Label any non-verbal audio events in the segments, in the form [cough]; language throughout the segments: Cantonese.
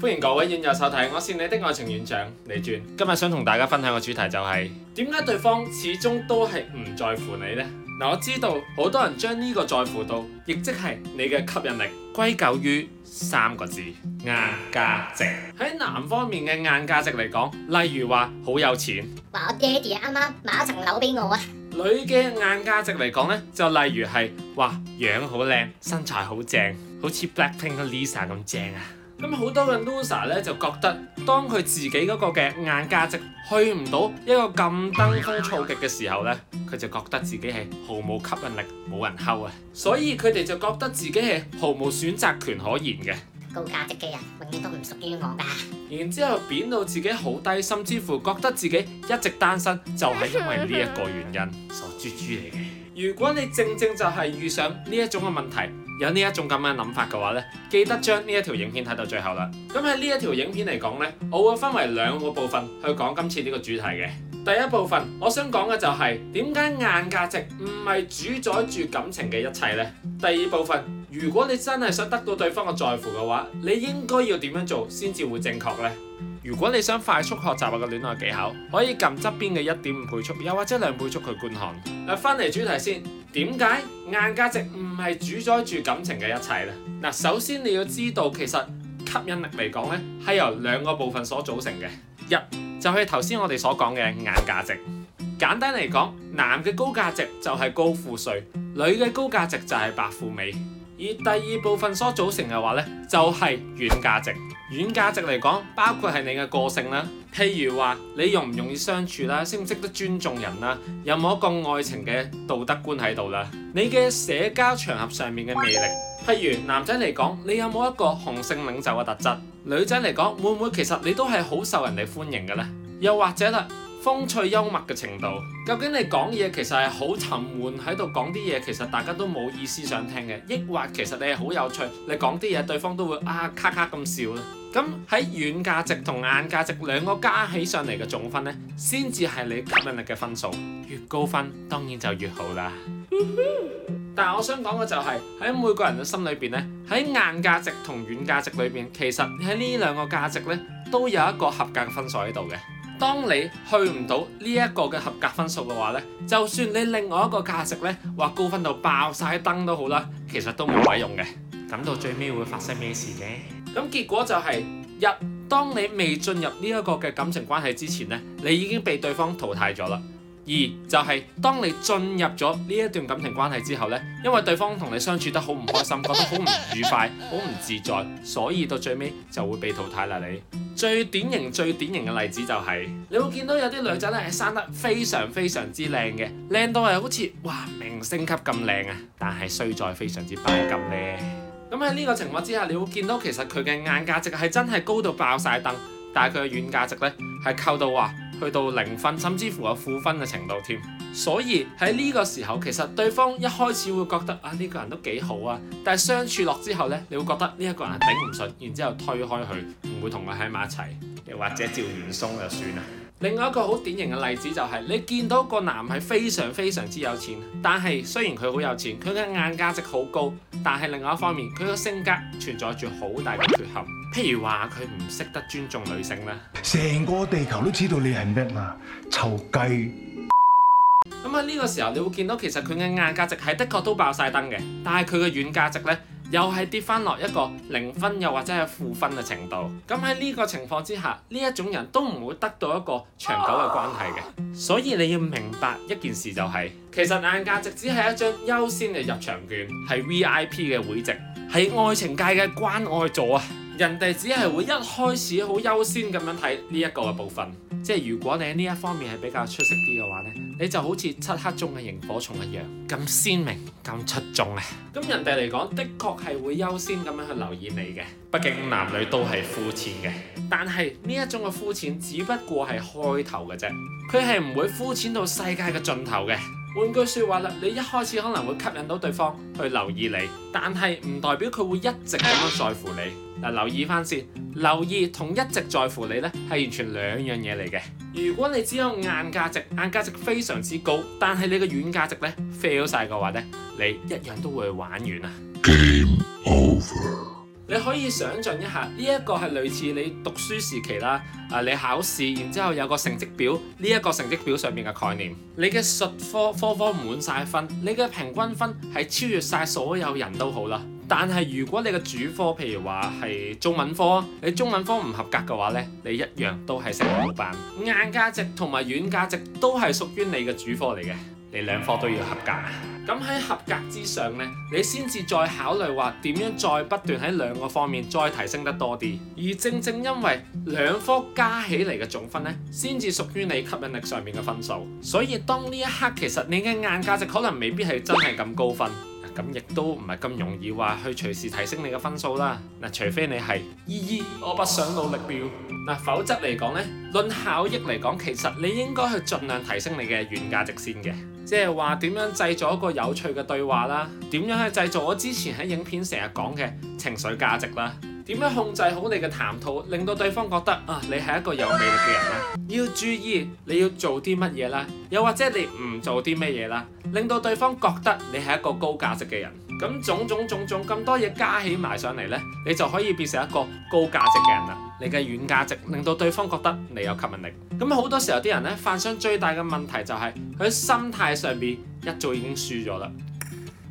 歡迎各位影友收睇，我是你的愛情院長李專。今日想同大家分享嘅主題就係、是，點解對方始終都係唔在乎你呢？嗱，我知道好多人將呢個在乎度，亦即係你嘅吸引力，歸咎於三個字硬價值。喺男方面嘅硬價值嚟講，例如話好有錢，話我爹哋啱啱買一層樓俾我啊！女嘅硬價值嚟講呢就例如係哇，樣好靚，身材好正，好似 Blackpink 嘅 Lisa 咁正啊！咁好多嘅 loser 咧就覺得，當佢自己嗰個嘅硬價值去唔到一個咁登峰造極嘅時候咧，佢就覺得自己係毫無吸引力，冇人溝啊，所以佢哋就覺得自己係毫無選擇權可言嘅。高價值嘅人永遠都唔屬於我㗎。然之後貶到自己好低，甚至乎覺得自己一直單身就係、是、因為呢一個原因所導致嚟嘅。 [laughs] 如果你正正就係遇上呢一種嘅問題，有呢一種咁樣嘅諗法嘅話呢，記得將呢一條影片睇到最後啦。咁喺呢一條影片嚟講呢，我會分為兩個部分去講今次呢個主題嘅。第一部分，我想講嘅就係點解硬價值唔係主宰住感情嘅一切呢？第二部分，如果你真係想得到對方嘅在乎嘅話，你應該要點樣做先至會正確呢？如果你想快速學習嘅戀愛技巧，可以撳側邊嘅一點五倍速，又或者兩倍速去觀看。嗱，翻嚟主題先。點解硬價值唔係主宰住感情嘅一切呢？嗱，首先你要知道，其實吸引力嚟講呢係由兩個部分所組成嘅。一就係頭先我哋所講嘅硬價值。簡單嚟講，男嘅高價值就係高富帥，女嘅高價值就係白富美。而第二部分所組成嘅話呢，就係軟價值。軟價值嚟講，包括係你嘅個性啦，譬如話你容唔容易相處啦，識唔識得尊重人啦，有冇一個愛情嘅道德觀喺度啦？你嘅社交場合上面嘅魅力，譬如男仔嚟講，你有冇一個雄性領袖嘅特質？女仔嚟講，會唔會其實你都係好受人哋歡迎嘅呢？又或者啦。風趣幽默嘅程度，究竟你講嘢其實係好沉悶喺度講啲嘢，其實大家都冇意思想聽嘅。抑或其實你係好有趣，你講啲嘢對方都會啊咔咔咁笑啦。咁喺軟價值同硬價值兩個加起上嚟嘅總分呢，先至係你吸引力嘅分數，越高分當然就越好啦。 [laughs] 但係我想講嘅就係、是、喺每個人嘅心裏邊呢，喺硬價值同軟價值裏邊，其實喺呢兩個價值呢，都有一個合格嘅分數喺度嘅。當你去唔到呢一個嘅合格分數嘅話呢，就算你另外一個價值呢，話高分到爆晒燈都好啦，其實都冇鬼用嘅。咁到最尾會發生咩事嘅？咁結果就係、是、一，當你未進入呢一個嘅感情關係之前呢，你已經被對方淘汰咗啦。二就係、是、當你進入咗呢一段感情關係之後呢，因為對方同你相處得好唔開心，覺得好唔愉快、好唔自在，所以到最尾就會被淘汰啦。你最典型、最典型嘅例子就係、是、你會見到有啲女仔呢，係生得非常非常之靚嘅，靚到係好似哇明星級咁靚啊，但係衰在非常之拜金呢。咁喺呢個情況之下，你會見到其實佢嘅硬價值係真係高到爆晒燈，但係佢嘅軟價值呢，係扣到話。去到零分，甚至乎有負分嘅程度添。所以喺呢個時候，其實對方一開始會覺得啊，呢個人都幾好啊，但係相處落之後呢，你會覺得呢一個人係頂唔順，然之後推開佢，唔會同佢喺埋一齊，又或者趙完鬆就算啦。另外一個好典型嘅例子就係你見到個男係非常非常之有錢，但係雖然佢好有錢，佢嘅硬價值好高，但係另外一方面佢嘅性格存在住好大嘅缺陷，譬如話佢唔識得尊重女性喇。成個地球都知道你係咩嘛，臭雞！咁喺呢個時候，你會見到其實佢嘅硬價值係的確都爆晒燈嘅，但係佢嘅軟價值呢。又係跌翻落一個零分，又或者係負分嘅程度。咁喺呢個情況之下，呢一種人都唔會得到一個長久嘅關係嘅。所以你要明白一件事就係，其實硬價值只係一張優先嘅入場券，係 VIP 嘅會籍，係愛情界嘅關愛座啊！人哋只係會一開始好優先咁樣睇呢一個嘅部分，即係如果你喺呢一方面係比較出色啲嘅話咧。你就好似漆黑中嘅螢火蟲一樣，咁鮮明、咁出眾啊！咁人哋嚟講，的確係會優先咁樣去留意你嘅。畢竟男女都係膚淺嘅，但係呢一種嘅膚淺，只不過係開頭嘅啫。佢係唔會膚淺到世界嘅盡頭嘅。換句說話啦，你一開始可能會吸引到對方去留意你，但係唔代表佢會一直咁樣在乎你。嗱，留意翻先，留意同一直在乎你呢係完全兩樣嘢嚟嘅。如果你只有硬價值，硬價值非常之高，但係你嘅軟價值呢 fail 晒嘅話呢，你一樣都會玩完啊！Game over。你可以想象一下，呢一個係類似你讀書時期啦，誒，你考試，然之後有個成績表，呢一個成績表上面嘅概念，你嘅術科科科滿晒分，你嘅平均分係超越晒所有人都好啦。但係如果你嘅主科，譬如話係中文科，你中文科唔合格嘅話呢，你一樣都係升唔到班。硬價值同埋軟價值都係屬於你嘅主科嚟嘅，你兩科都要合格。咁喺合格之上呢，你先至再考慮話點樣再不斷喺兩個方面再提升得多啲。而正正因為兩科加起嚟嘅總分呢，先至屬於你吸引力上面嘅分數。所以當呢一刻，其實你嘅硬價值可能未必係真係咁高分。咁亦都唔係咁容易話去隨時提升你嘅分數啦。嗱，除非你係依依，e e, 我不想努力了。嗱，否則嚟講呢，論效益嚟講，其實你應該去盡量提升你嘅原價值先嘅，即係話點樣製造一個有趣嘅對話啦，點樣去製造我之前喺影片成日講嘅情緒價值啦。點樣控制好你嘅談吐，令到對方覺得啊，你係一個有魅力嘅人啦？要注意你要做啲乜嘢啦，又或者你唔做啲乜嘢啦，令到對方覺得你係一個高價值嘅人。咁、嗯、種種種種咁多嘢加起埋上嚟呢，你就可以變成一個高價值嘅人啦。你嘅軟價值令到對方覺得你有吸引力。咁、嗯、好多時候啲人呢，犯上最大嘅問題就係、是、佢心態上邊一早已經輸咗啦。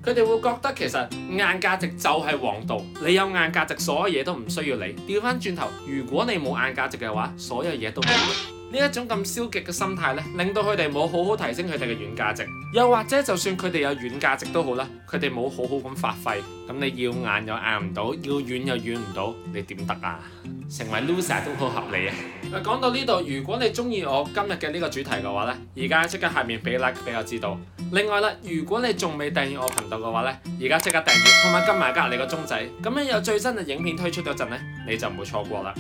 佢哋會覺得其實硬價值就係王道，你有硬價值，所有嘢都唔需要你。調返轉頭，如果你冇硬價值嘅話，所有嘢都冇。呢一種咁消極嘅心態咧，令到佢哋冇好好提升佢哋嘅軟價值，又或者就算佢哋有軟價值都好啦，佢哋冇好好咁發揮，咁你要硬又硬唔到，要軟又軟唔到，你點得啊？成為 loser 都好合理啊！講到呢度，如果你中意我今日嘅呢個主題嘅話咧，而家即刻下面俾 like 俾我知道。另外啦，如果你仲未訂閱我頻道嘅話咧，而家即刻訂閱同埋今日加入你個鐘仔，咁樣有最新嘅影片推出嗰陣咧，你就唔會錯過啦。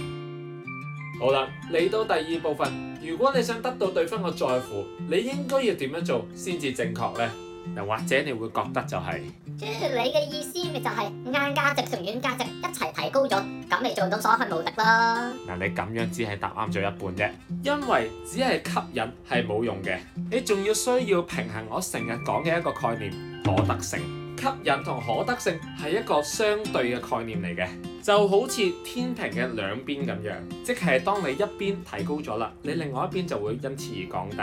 好啦，嚟到第二部分，如果你想得到對方嘅在乎，你應該要點樣做先至正確呢？又或者你會覺得就係，即係你嘅意思咪就係硬價值同軟價值一齊提高咗，咁你做到所向無敵咯？嗱，你咁樣只係答啱咗一半啫，因為只係吸引係冇用嘅，你仲要需要平衡我成日講嘅一個概念——可得性。吸引同可得性係一個相對嘅概念嚟嘅。就好似天平嘅兩邊咁樣，即係當你一邊提高咗啦，你另外一邊就會因此而降低。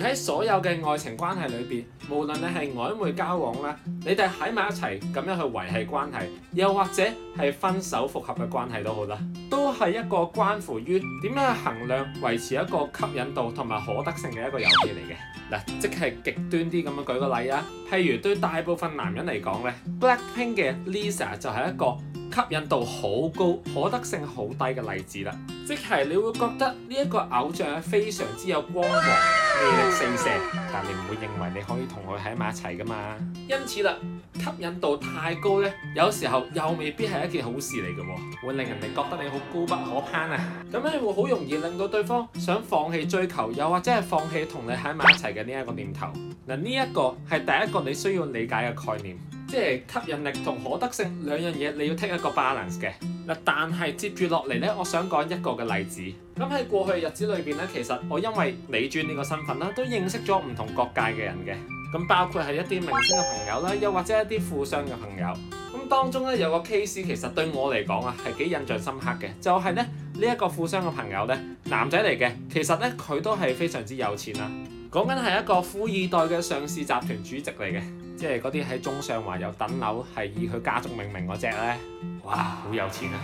而喺所有嘅愛情關係裏邊，無論你係曖昧交往咧，你哋喺埋一齊咁樣去維繫關係，又或者係分手複合嘅關係都好啦，都係一個關乎於點樣衡量維持一個吸引度同埋可得性嘅一個遊戲嚟嘅。嗱，即係極端啲咁樣舉個例啊，譬如對大部分男人嚟講呢 BLACKPINK 嘅 Lisa 就係一個。吸引度好高、可得性好低嘅例子啦，即係你會覺得呢一個偶像係非常之有光芒、魅力四射嘅，是是但你唔會認為你可以同佢喺埋一齊噶嘛。因此啦，吸引度太高呢，有時候又未必係一件好事嚟嘅喎，會令人哋覺得你好高不可攀啊。咁樣你會好容易令到對方想放棄追求，又或者係放棄同你喺埋一齊嘅呢一個念頭。嗱，呢一個係第一個你需要理解嘅概念。即係吸引力同可得性兩樣嘢，你要 take 一個 balance 嘅嗱。但係接住落嚟呢，我想講一個嘅例子。咁喺過去日子裏邊呢，其實我因為李專呢個身份啦，都認識咗唔同各界嘅人嘅。咁包括係一啲明星嘅朋友啦，又或者一啲富商嘅朋友。咁當中呢，有個 case 其實對我嚟講啊係幾印象深刻嘅，就係呢。呢一個富商嘅朋友呢，男仔嚟嘅，其實呢，佢都係非常之有錢啊！講緊係一個富二代嘅上市集團主席嚟嘅，即係嗰啲喺中上環有等樓係以佢家族命名嗰隻呢。哇，好有錢啊！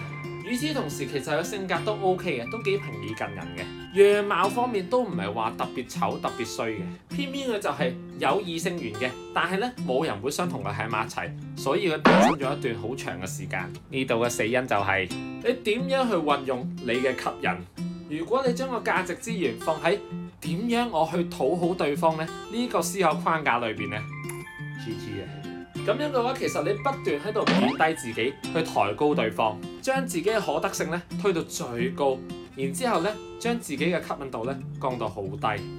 與此同時，其實佢性格都 OK 嘅，都幾平易近人嘅。樣貌方面都唔係話特別醜特別衰嘅，偏偏佢就係有異性緣嘅，但係咧，冇人會想同佢喺埋一齊，所以佢單身咗一段好長嘅時間。呢度嘅死因就係你點樣去運用你嘅吸引。如果你將個價值資源放喺點樣我去討好對方呢，呢個思考框架裏邊呢，G G 啊！咁樣嘅話，其實你不斷喺度貶低自己，去抬高對方，將自己嘅可得性咧推到最高。然之後咧，將自己嘅吸引度咧降到好低。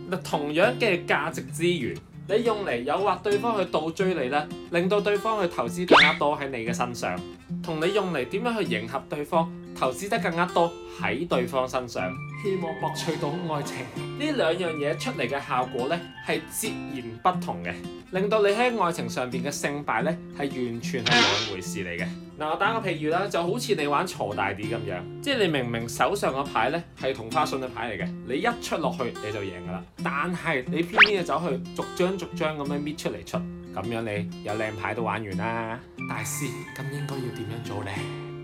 嗱，同樣嘅價值資源，你用嚟誘惑對方去倒追你咧，令到對方去投資更加多喺你嘅身上；同你用嚟點樣去迎合對方，投資得更加多喺對方身上。希望獲取到愛情呢兩樣嘢出嚟嘅效果咧，係截然不同嘅，令到你喺愛情上邊嘅勝敗咧，係完全係兩回事嚟嘅。嗱，我打個譬如啦，就好似你玩鋤大碟咁樣，即係你明明手上個牌呢係同花順嘅牌嚟嘅，你一出落去你就贏噶啦。但係你偏偏就走去逐張逐張咁樣搣出嚟出，咁樣你有靚牌都玩完啦。大師，咁應該要點樣做呢？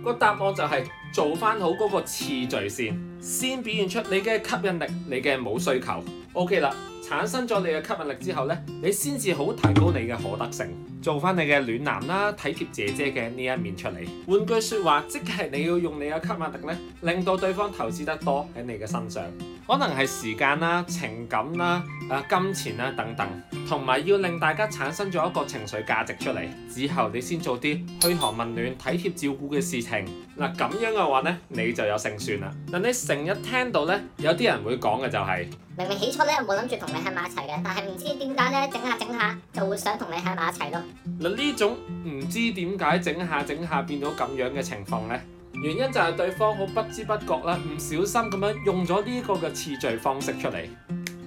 個答案就係做翻好嗰個次序先，先表現出你嘅吸引力，你嘅冇需求。OK 啦。產生咗你嘅吸引力之後呢，你先至好提高你嘅可得性，做翻你嘅暖男啦、體貼姐姐嘅呢一面出嚟。換句說話，即係你要用你嘅吸引力呢，令到對方投資得多喺你嘅身上。可能係時間啦、情感啦、誒、啊、金錢啦等等，同埋要令大家產生咗一個情緒價值出嚟，之後你先做啲噓寒問暖、體貼照顧嘅事情。嗱，咁樣嘅話呢，你就有勝算啦。嗱，你成日聽到呢，有啲人會講嘅就係、是，明明起初呢，冇諗住同你喺埋一齊嘅，但係唔知點解呢，整下整下就會想同你喺埋一齊咯。嗱，呢種唔知點解整下整下變到咁樣嘅情況呢。原因就係對方好不知不覺啦，唔小心咁樣用咗呢個嘅次序方式出嚟，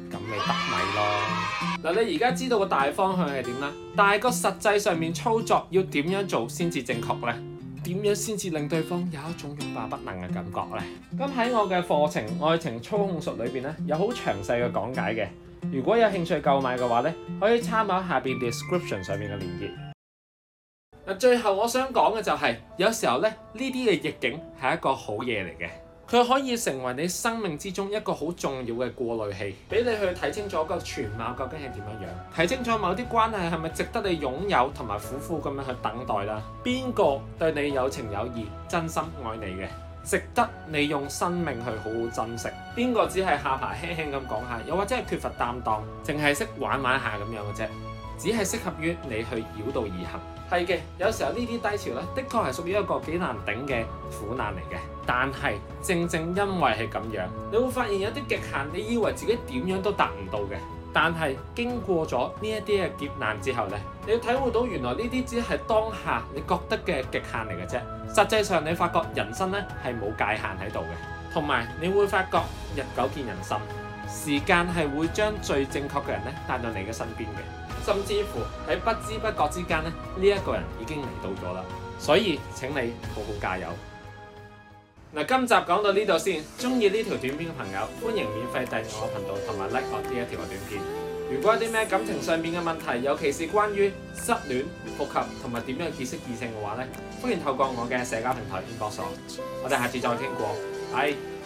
咁你得米咯。嗱，你而家知道個大方向係點啦，但係個實際上面操作要點樣做先至正確呢？點樣先至令對方有一種欲罷不能嘅感覺呢？咁喺我嘅課程《愛情操控術》裏邊呢，有好詳細嘅講解嘅。如果有興趣購買嘅話呢，可以參考下邊 description 上面嘅連結。最後我想講嘅就係、是，有時候咧，呢啲嘅逆境係一個好嘢嚟嘅，佢可以成為你生命之中一個好重要嘅過濾器，俾你去睇清楚個全貌究竟係點樣樣，睇清楚某啲關係係咪值得你擁有同埋苦苦咁樣去等待啦，邊個對你有情有義、真心愛你嘅，值得你用生命去好好珍惜，邊個只係下巴輕輕咁講下，又或者係缺乏擔當，淨係識玩玩下咁樣嘅啫。只係適合於你去繞道而行，係嘅。有時候呢啲低潮呢，的確係屬於一個幾難頂嘅苦難嚟嘅。但係正正因為係咁樣，你會發現有啲極限，你以為自己點樣都達唔到嘅。但係經過咗呢一啲嘅劫難之後呢，你要體會到原來呢啲只係當下你覺得嘅極限嚟嘅啫。實際上你發覺人生呢係冇界限喺度嘅，同埋你會發覺日久見人心，時間係會將最正確嘅人呢帶到你嘅身邊嘅。甚至乎喺不知不覺之間呢，呢一個人已經嚟到咗啦。所以請你好好加油。嗱，今集講到呢度先。中意呢條短片嘅朋友，歡迎免費訂閱我頻道同埋 like 我呢一條嘅短片。如果有啲咩感情上面嘅問題，尤其是關於失戀、復合同埋點樣結識異性嘅話呢，歡迎透過我嘅社交平台聯絡我，我哋下次再傾過。係、哎。